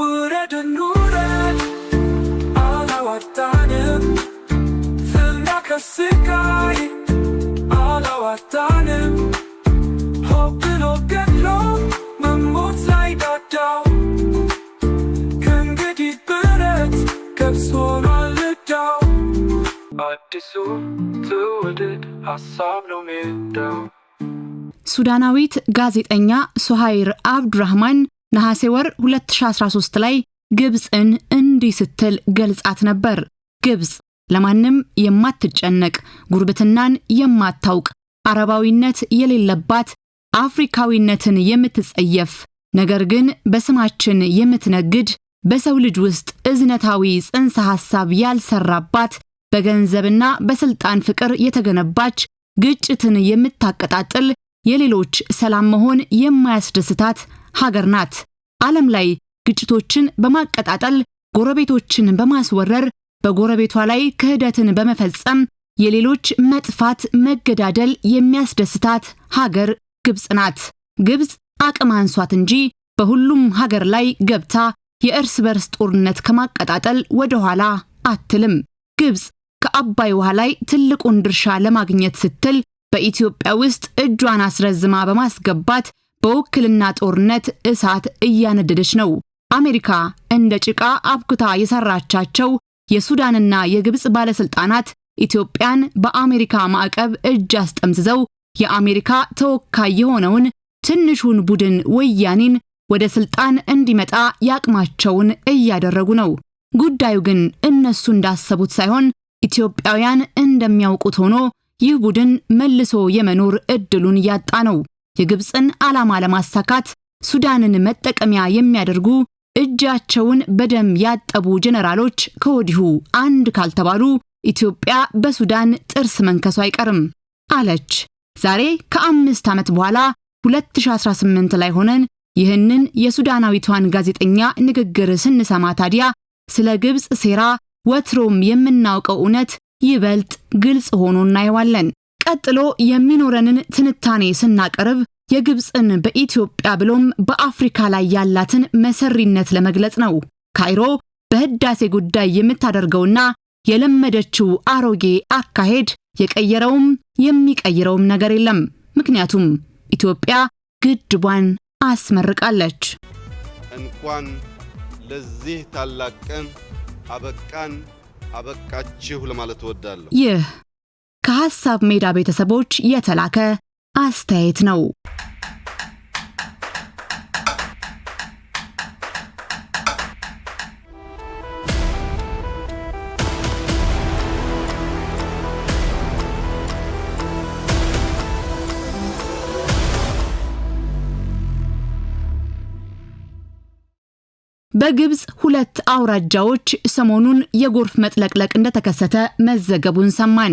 ውረድ እንውረድ አላዋጣንም፣ ፍና ከስቃይ አላዋጣንም። ሆብሎ ገድሎ መሞት ሱዳናዊት ጋዜጠኛ ሶሃይር አብዱራህማን ነሐሴ ወር 2013 ላይ ግብፅን እንዲህ ስትል ገልጻት ነበር። ግብፅ ለማንም የማትጨነቅ ጉርብትናን የማታውቅ አረባዊነት የሌለባት አፍሪካዊነትን የምትጸየፍ ነገር ግን በስማችን የምትነግድ በሰው ልጅ ውስጥ እዝነታዊ ጽንሰ ሐሳብ ያልሰራባት በገንዘብና በስልጣን ፍቅር የተገነባች ግጭትን የምታቀጣጥል የሌሎች ሰላም መሆን የማያስደስታት ሀገር ናት። ዓለም ላይ ግጭቶችን በማቀጣጠል ጎረቤቶችን በማስወረር በጎረቤቷ ላይ ክህደትን በመፈጸም የሌሎች መጥፋት፣ መገዳደል የሚያስደስታት ሀገር ግብፅ ናት። ግብፅ አቅም አንሷት እንጂ በሁሉም ሀገር ላይ ገብታ የእርስ በርስ ጦርነት ከማቀጣጠል ወደ ኋላ አትልም። ግብፅ ከአባይ ውሃ ላይ ትልቁን ድርሻ ለማግኘት ስትል በኢትዮጵያ ውስጥ እጇን አስረዝማ በማስገባት በውክልና ጦርነት እሳት እያነደደች ነው። አሜሪካ እንደ ጭቃ አብኩታ የሰራቻቸው የሱዳንና የግብፅ ባለስልጣናት ኢትዮጵያን በአሜሪካ ማዕቀብ እጅ አስጠምዝዘው የአሜሪካ ተወካይ የሆነውን ትንሹን ቡድን ወያኔን ወደ ስልጣን እንዲመጣ ያቅማቸውን እያደረጉ ነው። ጉዳዩ ግን እነሱ እንዳሰቡት ሳይሆን ኢትዮጵያውያን እንደሚያውቁት ሆኖ ይህ ቡድን መልሶ የመኖር እድሉን ያጣ ነው። የግብፅን ዓላማ ለማሳካት ሱዳንን መጠቀሚያ የሚያደርጉ እጃቸውን በደም ያጠቡ ጀነራሎች ከወዲሁ አንድ ካልተባሉ ኢትዮጵያ በሱዳን ጥርስ መንከሱ አይቀርም አለች። ዛሬ ከአምስት ዓመት በኋላ 2018 ላይ ሆነን ይህንን የሱዳናዊቷን ጋዜጠኛ ንግግር ስንሰማ ታዲያ ስለ ግብፅ ሴራ ወትሮም የምናውቀው እውነት ይበልጥ ግልጽ ሆኖ እናየዋለን። ቀጥሎ የሚኖረንን ትንታኔ ስናቀርብ የግብፅን በኢትዮጵያ ብሎም በአፍሪካ ላይ ያላትን መሰሪነት ለመግለጽ ነው። ካይሮ በህዳሴ ጉዳይ የምታደርገውና የለመደችው አሮጌ አካሄድ የቀየረውም የሚቀይረውም ነገር የለም። ምክንያቱም ኢትዮጵያ ግድቧን አስመርቃለች። እንኳን ለዚህ ታላቅ ቀን አበቃን አበቃችሁ ለማለት እወዳለሁ። ይህ ከሐሳብ ሜዳ ቤተሰቦች የተላከ አስተያየት ነው። በግብፅ ሁለት አውራጃዎች ሰሞኑን የጎርፍ መጥለቅለቅ እንደተከሰተ መዘገቡን ሰማን።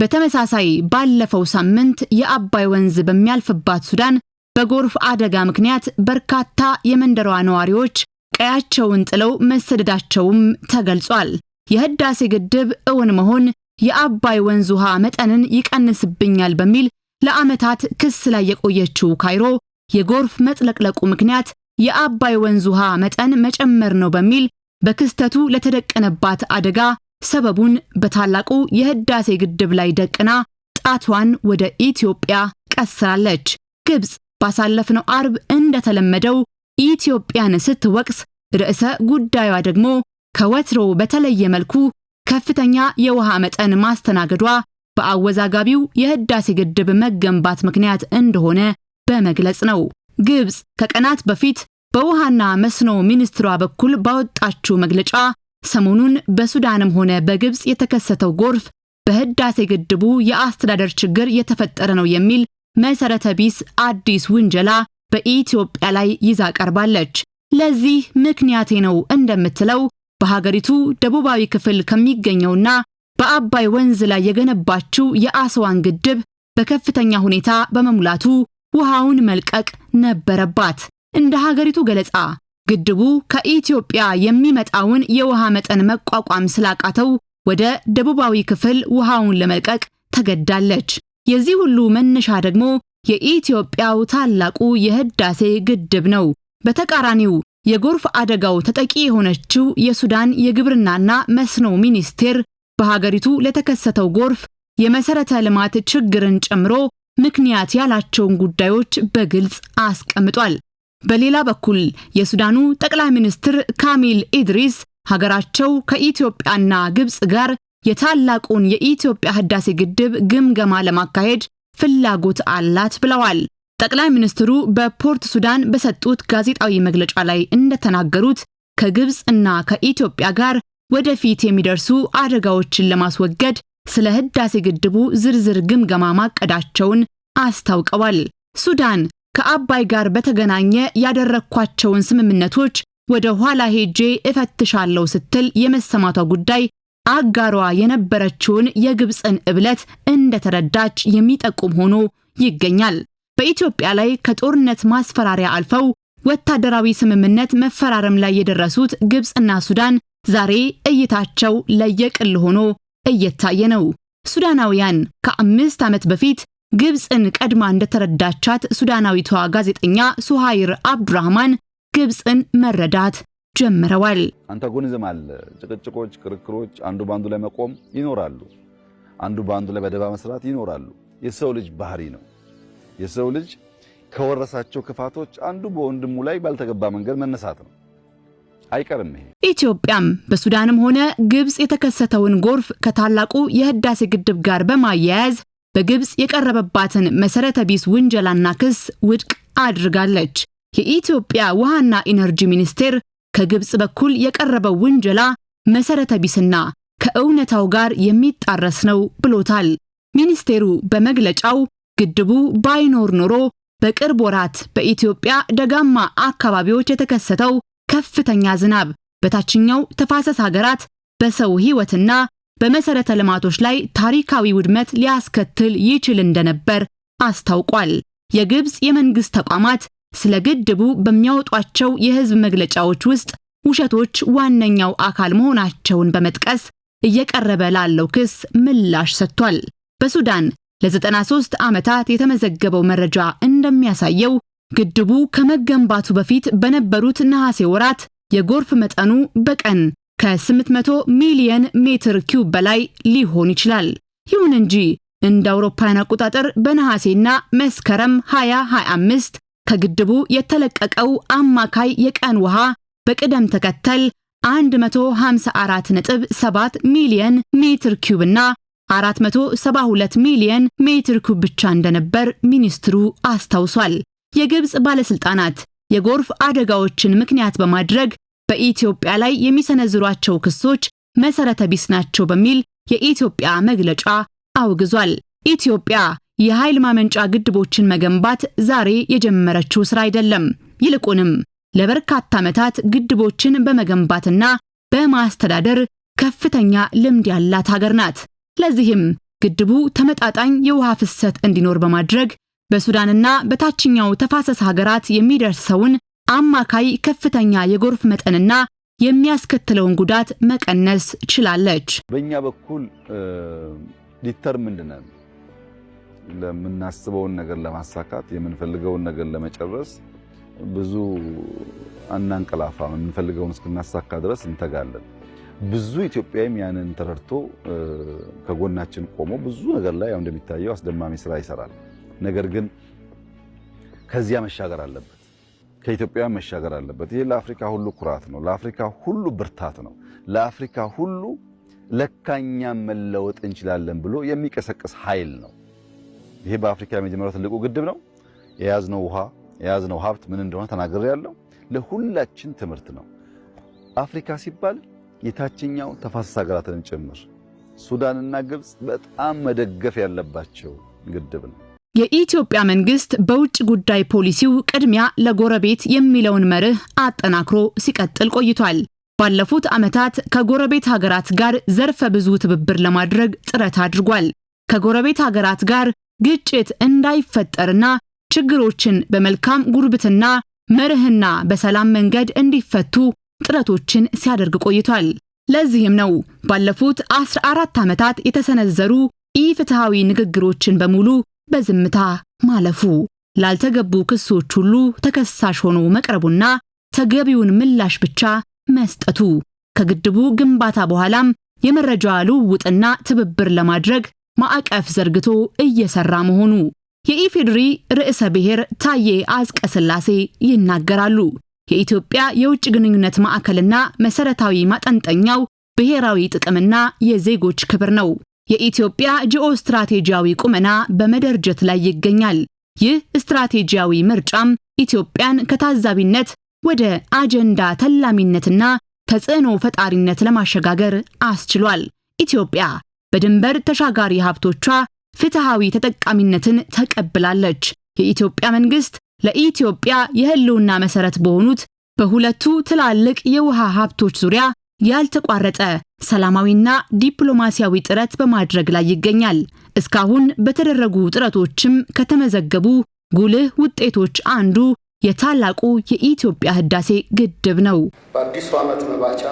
በተመሳሳይ ባለፈው ሳምንት የአባይ ወንዝ በሚያልፍባት ሱዳን በጎርፍ አደጋ ምክንያት በርካታ የመንደሯ ነዋሪዎች ቀያቸውን ጥለው መሰደዳቸውም ተገልጿል። የህዳሴ ግድብ እውን መሆን የአባይ ወንዝ ውሃ መጠንን ይቀንስብኛል በሚል ለዓመታት ክስ ላይ የቆየችው ካይሮ የጎርፍ መጥለቅለቁ ምክንያት የአባይ ወንዝ ውሃ መጠን መጨመር ነው በሚል በክስተቱ ለተደቀነባት አደጋ ሰበቡን በታላቁ የህዳሴ ግድብ ላይ ደቅና ጣቷን ወደ ኢትዮጵያ ቀስራለች። ግብፅ ባሳለፍነው አርብ እንደተለመደው ኢትዮጵያን ስትወቅስ ርዕሰ ጉዳዩዋ ደግሞ ከወትሮ በተለየ መልኩ ከፍተኛ የውሃ መጠን ማስተናገዷ በአወዛጋቢው የህዳሴ ግድብ መገንባት ምክንያት እንደሆነ በመግለጽ ነው። ግብፅ ከቀናት በፊት በውሃና መስኖ ሚኒስትሯ በኩል ባወጣችው መግለጫ ሰሞኑን በሱዳንም ሆነ በግብፅ የተከሰተው ጎርፍ በህዳሴ ግድቡ የአስተዳደር ችግር የተፈጠረ ነው የሚል መሰረተ ቢስ አዲስ ውንጀላ በኢትዮጵያ ላይ ይዛ ቀርባለች። ለዚህ ምክንያቴ ነው እንደምትለው በሀገሪቱ ደቡባዊ ክፍል ከሚገኘውና በአባይ ወንዝ ላይ የገነባችው የአስዋን ግድብ በከፍተኛ ሁኔታ በመሙላቱ ውሃውን መልቀቅ ነበረባት። እንደ ሀገሪቱ ገለጻ ግድቡ ከኢትዮጵያ የሚመጣውን የውሃ መጠን መቋቋም ስላቃተው ወደ ደቡባዊ ክፍል ውሃውን ለመልቀቅ ተገዳለች። የዚህ ሁሉ መነሻ ደግሞ የኢትዮጵያው ታላቁ የህዳሴ ግድብ ነው። በተቃራኒው የጎርፍ አደጋው ተጠቂ የሆነችው የሱዳን የግብርናና መስኖ ሚኒስቴር በሀገሪቱ ለተከሰተው ጎርፍ የመሰረተ ልማት ችግርን ጨምሮ ምክንያት ያላቸውን ጉዳዮች በግልጽ አስቀምጧል። በሌላ በኩል የሱዳኑ ጠቅላይ ሚኒስትር ካሚል ኢድሪስ ሀገራቸው ከኢትዮጵያና ግብፅ ጋር የታላቁን የኢትዮጵያ ህዳሴ ግድብ ግምገማ ለማካሄድ ፍላጎት አላት ብለዋል። ጠቅላይ ሚኒስትሩ በፖርት ሱዳን በሰጡት ጋዜጣዊ መግለጫ ላይ እንደተናገሩት ከግብፅ እና ከኢትዮጵያ ጋር ወደፊት የሚደርሱ አደጋዎችን ለማስወገድ ስለ ህዳሴ ግድቡ ዝርዝር ግምገማ ማቀዳቸውን አስታውቀዋል። ሱዳን ከአባይ ጋር በተገናኘ ያደረግኳቸውን ስምምነቶች ወደ ኋላ ሄጄ እፈትሻለሁ ስትል የመሰማቷ ጉዳይ አጋሯ የነበረችውን የግብፅን እብለት እንደተረዳች የሚጠቁም ሆኖ ይገኛል። በኢትዮጵያ ላይ ከጦርነት ማስፈራሪያ አልፈው ወታደራዊ ስምምነት መፈራረም ላይ የደረሱት ግብፅና ሱዳን ዛሬ እይታቸው ለየቅል ሆኖ እየታየ ነው። ሱዳናውያን ከአምስት ዓመት በፊት ግብፅን ቀድማ እንደተረዳቻት ሱዳናዊቷ ጋዜጠኛ ሱሃይር አብዱራህማን ግብፅን መረዳት ጀምረዋል። አንታጎኒዝም አለ። ጭቅጭቆች፣ ክርክሮች፣ አንዱ በአንዱ ላይ መቆም ይኖራሉ። አንዱ በአንዱ ላይ በደባ መስራት ይኖራሉ። የሰው ልጅ ባህሪ ነው። የሰው ልጅ ከወረሳቸው ክፋቶች አንዱ በወንድሙ ላይ ባልተገባ መንገድ መነሳት ነው። አይቀርም ይሄ። ኢትዮጵያም በሱዳንም ሆነ ግብፅ የተከሰተውን ጎርፍ ከታላቁ የህዳሴ ግድብ ጋር በማያያዝ በግብፅ የቀረበባትን መሰረተ ቢስ ውንጀላና ክስ ውድቅ አድርጋለች። የኢትዮጵያ ውሃና ኢነርጂ ሚኒስቴር ከግብፅ በኩል የቀረበው ውንጀላ መሰረተ ቢስና ከእውነታው ጋር የሚጣረስ ነው ብሎታል። ሚኒስቴሩ በመግለጫው ግድቡ ባይኖር ኖሮ በቅርብ ወራት በኢትዮጵያ ደጋማ አካባቢዎች የተከሰተው ከፍተኛ ዝናብ በታችኛው ተፋሰስ ሀገራት በሰው ሕይወትና በመሰረተ ልማቶች ላይ ታሪካዊ ውድመት ሊያስከትል ይችል እንደነበር አስታውቋል። የግብፅ የመንግስት ተቋማት ስለ ግድቡ በሚያወጧቸው የህዝብ መግለጫዎች ውስጥ ውሸቶች ዋነኛው አካል መሆናቸውን በመጥቀስ እየቀረበ ላለው ክስ ምላሽ ሰጥቷል። በሱዳን ለ93 ዓመታት የተመዘገበው መረጃ እንደሚያሳየው ግድቡ ከመገንባቱ በፊት በነበሩት ነሐሴ ወራት የጎርፍ መጠኑ በቀን ከ800 ሚሊየን ሜትር ኪዩብ በላይ ሊሆን ይችላል። ይሁን እንጂ እንደ አውሮፓውያን አቆጣጠር በነሐሴና መስከረም 2025 ከግድቡ የተለቀቀው አማካይ የቀን ውሃ በቅደም ተከተል 154.7 ሚሊየን ሜትር ኪዩብ እና 472 ሚሊየን ሜትር ኪዩብ ብቻ እንደነበር ሚኒስትሩ አስታውሷል። የግብፅ ባለስልጣናት የጎርፍ አደጋዎችን ምክንያት በማድረግ በኢትዮጵያ ላይ የሚሰነዝሯቸው ክሶች መሰረተ ቢስ ናቸው በሚል የኢትዮጵያ መግለጫ አውግዟል። ኢትዮጵያ የኃይል ማመንጫ ግድቦችን መገንባት ዛሬ የጀመረችው ስራ አይደለም። ይልቁንም ለበርካታ ዓመታት ግድቦችን በመገንባትና በማስተዳደር ከፍተኛ ልምድ ያላት ሀገር ናት። ለዚህም ግድቡ ተመጣጣኝ የውሃ ፍሰት እንዲኖር በማድረግ በሱዳንና በታችኛው ተፋሰስ ሀገራት የሚደርሰውን አማካይ ከፍተኛ የጎርፍ መጠንና የሚያስከትለውን ጉዳት መቀነስ ችላለች። በእኛ በኩል ዲተርሚንድ ነን። ለምናስበውን ነገር ለማሳካት የምንፈልገውን ነገር ለመጨረስ ብዙ አናንቀላፋ። የምንፈልገውን እስክናሳካ ድረስ እንተጋለን። ብዙ ኢትዮጵያዊም ያንን ተረድቶ ከጎናችን ቆሞ ብዙ ነገር ላይ ያው እንደሚታየው አስደማሚ ስራ ይሰራል። ነገር ግን ከዚያ መሻገር አለበት። ከኢትዮጵያ መሻገር አለበት። ይሄ ለአፍሪካ ሁሉ ኩራት ነው። ለአፍሪካ ሁሉ ብርታት ነው። ለአፍሪካ ሁሉ ለካኛ መለወጥ እንችላለን ብሎ የሚቀሰቅስ ኃይል ነው። ይሄ በአፍሪካ የመጀመሪያው ትልቁ ግድብ ነው። የያዝነው ውሃ የያዝነው ሀብት ምን እንደሆነ ተናግሬ ያለው ለሁላችን ትምህርት ነው። አፍሪካ ሲባል የታችኛው ተፋሰስ ሀገራትንም ጭምር ሱዳንና ግብፅ በጣም መደገፍ ያለባቸው ግድብ ነው። የኢትዮጵያ መንግስት በውጭ ጉዳይ ፖሊሲው ቅድሚያ ለጎረቤት የሚለውን መርህ አጠናክሮ ሲቀጥል ቆይቷል። ባለፉት ዓመታት ከጎረቤት ሀገራት ጋር ዘርፈ ብዙ ትብብር ለማድረግ ጥረት አድርጓል። ከጎረቤት ሀገራት ጋር ግጭት እንዳይፈጠርና ችግሮችን በመልካም ጉርብትና መርህና በሰላም መንገድ እንዲፈቱ ጥረቶችን ሲያደርግ ቆይቷል። ለዚህም ነው ባለፉት 14 ዓመታት የተሰነዘሩ ኢፍትሐዊ ንግግሮችን በሙሉ በዝምታ ማለፉ ላልተገቡ ክሶች ሁሉ ተከሳሽ ሆኖ መቅረቡና ተገቢውን ምላሽ ብቻ መስጠቱ ከግድቡ ግንባታ በኋላም የመረጃ ልውውጥና ትብብር ለማድረግ ማዕቀፍ ዘርግቶ እየሰራ መሆኑ የኢፌዴሪ ርዕሰ ብሔር ታዬ አዝቀ ስላሴ ይናገራሉ። የኢትዮጵያ የውጭ ግንኙነት ማዕከልና መሰረታዊ ማጠንጠኛው ብሔራዊ ጥቅምና የዜጎች ክብር ነው። የኢትዮጵያ ጂኦ ስትራቴጂያዊ ቁመና በመደርጀት ላይ ይገኛል። ይህ ስትራቴጂያዊ ምርጫም ኢትዮጵያን ከታዛቢነት ወደ አጀንዳ ተላሚነትና ተጽዕኖ ፈጣሪነት ለማሸጋገር አስችሏል። ኢትዮጵያ በድንበር ተሻጋሪ ሀብቶቿ ፍትሃዊ ተጠቃሚነትን ተቀብላለች። የኢትዮጵያ መንግስት ለኢትዮጵያ የህልውና መሰረት በሆኑት በሁለቱ ትላልቅ የውሃ ሀብቶች ዙሪያ ያልተቋረጠ ሰላማዊና ዲፕሎማሲያዊ ጥረት በማድረግ ላይ ይገኛል። እስካሁን በተደረጉ ጥረቶችም ከተመዘገቡ ጉልህ ውጤቶች አንዱ የታላቁ የኢትዮጵያ ህዳሴ ግድብ ነው። በአዲሱ ዓመት መባቻ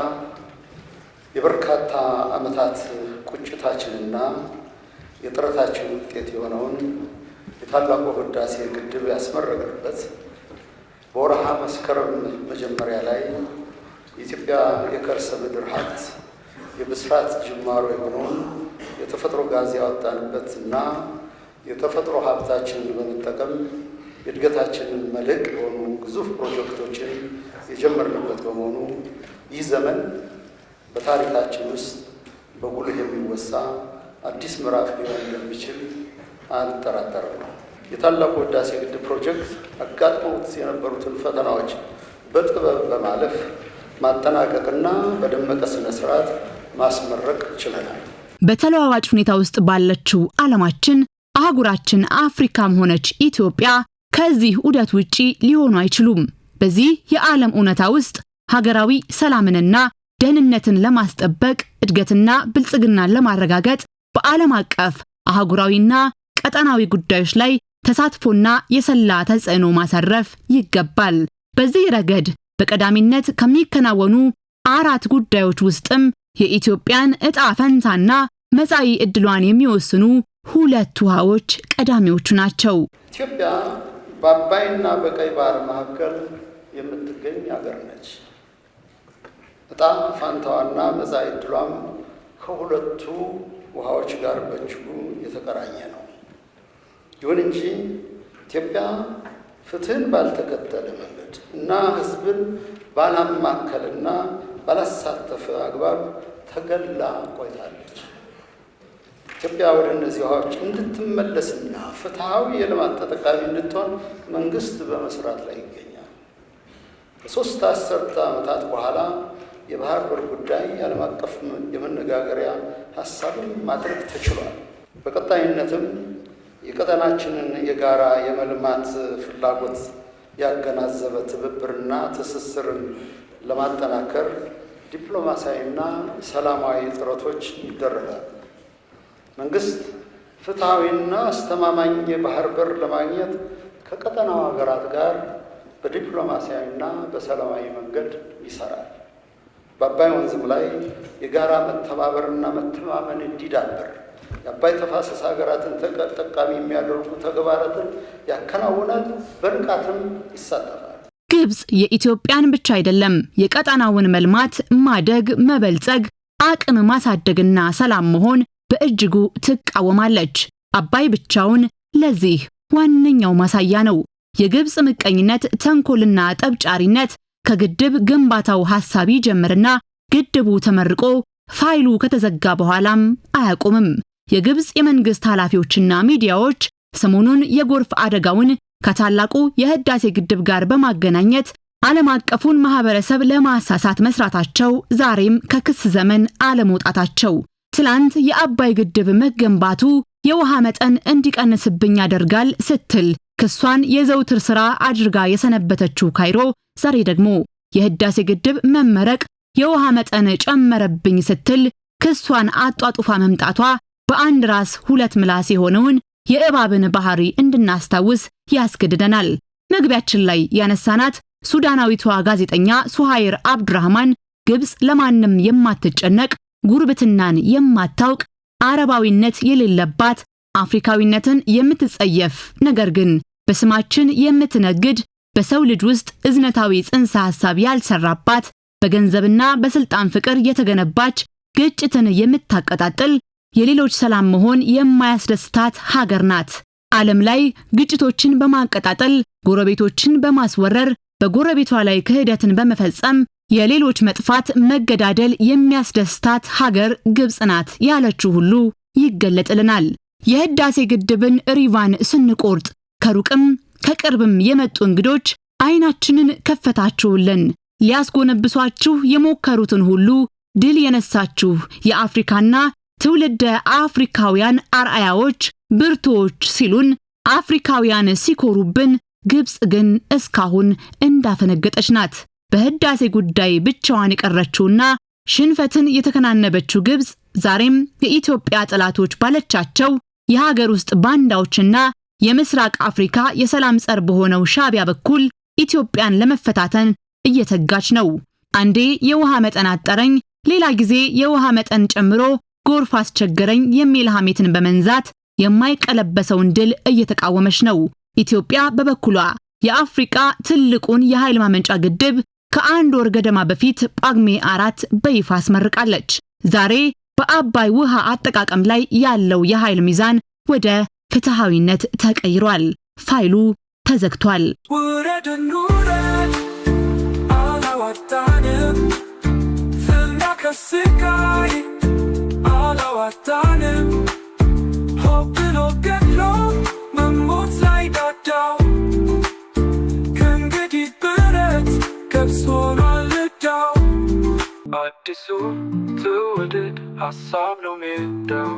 የበርካታ ዓመታት ቁጭታችንና የጥረታችን ውጤት የሆነውን የታላቁ ህዳሴ ግድብ ያስመረቅንበት በወርሃ መስከረም መጀመሪያ ላይ የኢትዮጵያ የከርሰ ምድር ሀብት የብስራት ጅማሮ የሆነውን የተፈጥሮ ጋዝ ያወጣንበት እና የተፈጥሮ ሀብታችንን በመጠቀም የእድገታችንን መልህቅ የሆኑ ግዙፍ ፕሮጀክቶችን የጀመርንበት በመሆኑ ይህ ዘመን በታሪካችን ውስጥ በጉልህ የሚወሳ አዲስ ምዕራፍ ሊሆን እንደሚችል አልጠራጠርም። የታላቁ ህዳሴ ግድብ ፕሮጀክት አጋጥመውት የነበሩትን ፈተናዎች በጥበብ በማለፍ ማጠናቀቅና በደመቀ ስነ ስርዓት ማስመረቅ ችለናል። በተለዋዋጭ ሁኔታ ውስጥ ባለችው ዓለማችን አህጉራችን አፍሪካም ሆነች ኢትዮጵያ ከዚህ ዑደት ውጪ ሊሆኑ አይችሉም። በዚህ የዓለም እውነታ ውስጥ ሀገራዊ ሰላምንና ደህንነትን ለማስጠበቅ እድገትና ብልጽግናን ለማረጋገጥ በዓለም አቀፍ አህጉራዊና ቀጠናዊ ጉዳዮች ላይ ተሳትፎና የሰላ ተጽዕኖ ማሳረፍ ይገባል። በዚህ ረገድ በቀዳሚነት ከሚከናወኑ አራት ጉዳዮች ውስጥም የኢትዮጵያን እጣ ፈንታና መጻኢ ዕድሏን የሚወስኑ ሁለት ውሃዎች ቀዳሚዎቹ ናቸው። ኢትዮጵያ በአባይና በቀይ ባህር መካከል የምትገኝ ሀገር ነች። እጣ ፋንታዋና መጻኢ ዕድሏም ከሁለቱ ውሃዎች ጋር በእጅጉ የተቀራኘ ነው። ይሁን እንጂ ኢትዮጵያ ፍትህን ባልተከተለ መንገድ እና ህዝብን ባላማከልና ባላሳተፈ አግባብ ተገላ ቆይታለች። ኢትዮጵያ ወደ እነዚህ ውሃዎች እንድትመለስና ፍትሐዊ የልማት ተጠቃሚ እንድትሆን መንግስት በመስራት ላይ ይገኛል። ከሶስት አስርተ ዓመታት በኋላ የባህር በር ጉዳይ የዓለም አቀፍ የመነጋገሪያ ሀሳብን ማድረግ ተችሏል። በቀጣይነትም የቀጠናችንን የጋራ የመልማት ፍላጎት ያገናዘበ ትብብርና ትስስርን ለማጠናከር ዲፕሎማሲያዊና ሰላማዊ ጥረቶች ይደረጋል። መንግስት ፍትሐዊና አስተማማኝ የባህር በር ለማግኘት ከቀጠናው ሀገራት ጋር በዲፕሎማሲያዊና በሰላማዊ መንገድ ይሰራል። በአባይ ወንዝም ላይ የጋራ መተባበርና መተማመን እንዲዳበር የአባይ ተፋሰስ ሀገራትን ተጠቃሚ የሚያደርጉ ተግባራትን ያከናውናል፣ በንቃትም ይሳተፋል። ግብጽ የኢትዮጵያን ብቻ አይደለም የቀጠናውን መልማት፣ ማደግ፣ መበልጸግ፣ አቅም ማሳደግና ሰላም መሆን በእጅጉ ትቃወማለች። አባይ ብቻውን ለዚህ ዋነኛው ማሳያ ነው። የግብጽ ምቀኝነት፣ ተንኮልና ጠብጫሪነት ከግድብ ግንባታው ሐሳብ ይጀምርና ግድቡ ተመርቆ ፋይሉ ከተዘጋ በኋላም አያቆምም። የግብፅ የመንግስት ኃላፊዎችና ሚዲያዎች ሰሞኑን የጎርፍ አደጋውን ከታላቁ የህዳሴ ግድብ ጋር በማገናኘት ዓለም አቀፉን ማህበረሰብ ለማሳሳት መስራታቸው ዛሬም ከክስ ዘመን አለመውጣታቸው ትላንት የአባይ ግድብ መገንባቱ የውሃ መጠን እንዲቀንስብኝ ያደርጋል ስትል ክሷን የዘውትር ሥራ አድርጋ የሰነበተችው ካይሮ ዛሬ ደግሞ የህዳሴ ግድብ መመረቅ የውሃ መጠን ጨመረብኝ ስትል ክሷን አጧጡፋ መምጣቷ በአንድ ራስ ሁለት ምላስ የሆነውን የእባብን ባህሪ እንድናስታውስ ያስገድደናል። መግቢያችን ላይ ያነሳናት ሱዳናዊቷ ጋዜጠኛ ሱሃይር አብዱራህማን ግብጽ ለማንም የማትጨነቅ ጉርብትናን የማታውቅ አረባዊነት የሌለባት አፍሪካዊነትን የምትጸየፍ ነገር ግን በስማችን የምትነግድ በሰው ልጅ ውስጥ እዝነታዊ ጽንሰ ሐሳብ ያልሰራባት በገንዘብና በስልጣን ፍቅር የተገነባች ግጭትን የምታቀጣጥል የሌሎች ሰላም መሆን የማያስደስታት ሀገር ናት። ዓለም ላይ ግጭቶችን በማቀጣጠል ጎረቤቶችን በማስወረር በጎረቤቷ ላይ ክህደትን በመፈጸም የሌሎች መጥፋት፣ መገዳደል የሚያስደስታት ሀገር ግብጽ ናት ያለችው ሁሉ ይገለጥልናል። የህዳሴ ግድብን ሪቫን ስንቆርጥ ከሩቅም ከቅርብም የመጡ እንግዶች አይናችንን ከፈታችሁልን። ሊያስጎነብሷችሁ የሞከሩትን ሁሉ ድል የነሳችሁ የአፍሪካና ትውልደ አፍሪካውያን አርአያዎች፣ ብርቱዎች ሲሉን አፍሪካውያን ሲኮሩብን፣ ግብጽ ግን እስካሁን እንዳፈነገጠች ናት። በህዳሴ ጉዳይ ብቻዋን የቀረችውና ሽንፈትን የተከናነበችው ግብጽ ዛሬም የኢትዮጵያ ጠላቶች ባለቻቸው የሀገር ውስጥ ባንዳዎችና የምስራቅ አፍሪካ የሰላም ጸር በሆነው ሻቢያ በኩል ኢትዮጵያን ለመፈታተን እየተጋች ነው። አንዴ የውሃ መጠን አጠረኝ፣ ሌላ ጊዜ የውሃ መጠን ጨምሮ ጎርፍ አስቸገረኝ የሚል ሐሜትን በመንዛት የማይቀለበሰውን ድል እየተቃወመች ነው። ኢትዮጵያ በበኩሏ የአፍሪቃ ትልቁን የኃይል ማመንጫ ግድብ ከአንድ ወር ገደማ በፊት ጳጉሜ አራት በይፋ አስመርቃለች። ዛሬ በአባይ ውሃ አጠቃቀም ላይ ያለው የኃይል ሚዛን ወደ ፍትሐዊነት ተቀይሯል። ፋይሉ ተዘግቷል። ውረድን አላዋጣንም ፍና አላዋጣንም ሆ ብሎ ገድሎ መሞት ላይ ዳዳው ከእንግዲህ ብረት ከብስ ሆኗል አዲሱ ትውልድ ሀሳብ ነው ሜዳው